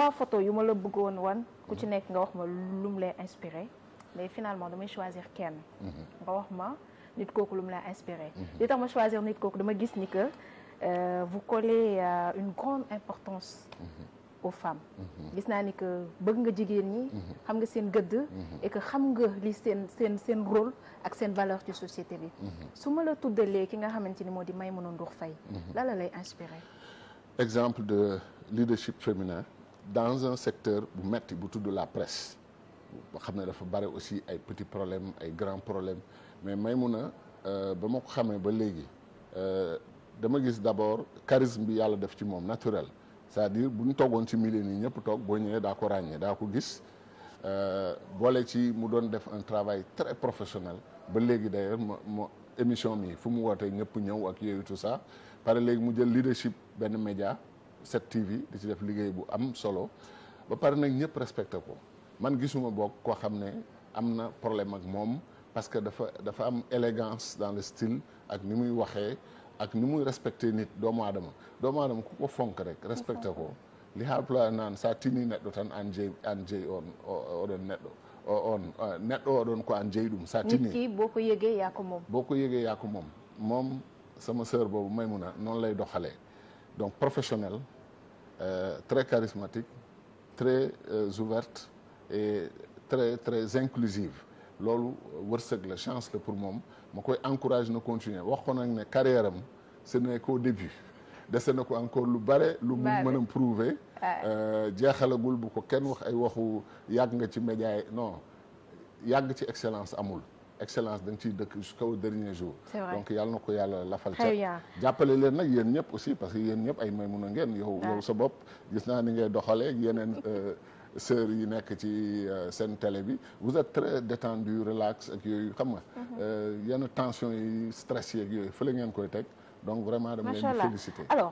trois photos yu ma la bëggoon wan ku ci nekk nga wax ma lu mu lay inspiré mais finalement damay choisir kenn mhm. nga wax ma nit kooku lu mu lay inspiré mhm. li tax ma choisir nit kooku dama gis ni que euh, vous collez euh, une grande importance mhm. aux femmes gis naa ni que bëgg nga jigéen ñi xam nga seen gëdd et xam nga li seen seen seen rôle ak seen valeur ci société bi su ma la tuddalee ki nga xamante ni moo di may Ndour Faye la la lay inspiré exemple de leadership féminin dans un secteur bu metti bu tudd la presse boo xam ne dafa bare aussi ay petits problème ay grands problème mais may mun Maimouna euh, ba ma ko xamee ba léegi euh, dama gis d'abord charisme bi yàlla def ci moom naturel cest à bu ñu toogoon ci milieu yi ñëpp toog boo ñëwee daa ko ràññee daa ko gis euh, boole ci mu doon def un travail très professionnel ba léegi d'ailleurs ma émission mi fu mu wootee ñëpp ñëw ak yooyu tout ça pare léegi mu jël leadership benn média 7TV di ci def liggéey bu am solo ba pare nag ñëpp respecté ko man gisuma bokk koo xam ne am na problème ak moom parce que dafa dafa am élégance dans le style ak ni muy waxee ak ni muy respecté nit doomu aadama doomu aadama ku ko fonk rek respecté ko li haalpulaar naan sa tini neɗɗo tan an jeey an jeey on oɗon neɗɗo o on neɗɗo oɗon ko an jeey ɗum sa tini boo ko yëgee yaa moom boo ko yëgee yaa moom moom sama sœur boobu may mu Maymuna noonu lay doxalee donc professionnelle euh, très charismatique très euh, ouverte et très très inclusive loolu wërsëg la chance la pour moom ma koy encourage na continuer wax ko nag ne carrière am ce ko qu'au début dese na ko encore lu bare lu mu mën prouver euh, jeexalagul bu ko kenn wax ay waxu yàgg nga ci média yi non yàgg ci excellence amul excellence dañ ciy dëkk jusqu'au dernier jour donc yàlla na ko yàlla lafal ca jàppale leen nag yéen ñëpp aussi parce que yéen ñëpp ay may mun a ngeen ah. yow sa bopp gis naa ni ngay doxalee yeneen euh, sœurs yi nekk ci euh, seen télé bi vous êtes très détendu relax ak yooyu xam nga mm-hmm. euh, yenn tension yi stress yeeg yooyu fële ngeen koy teg donc vraiment dama leen di féliciter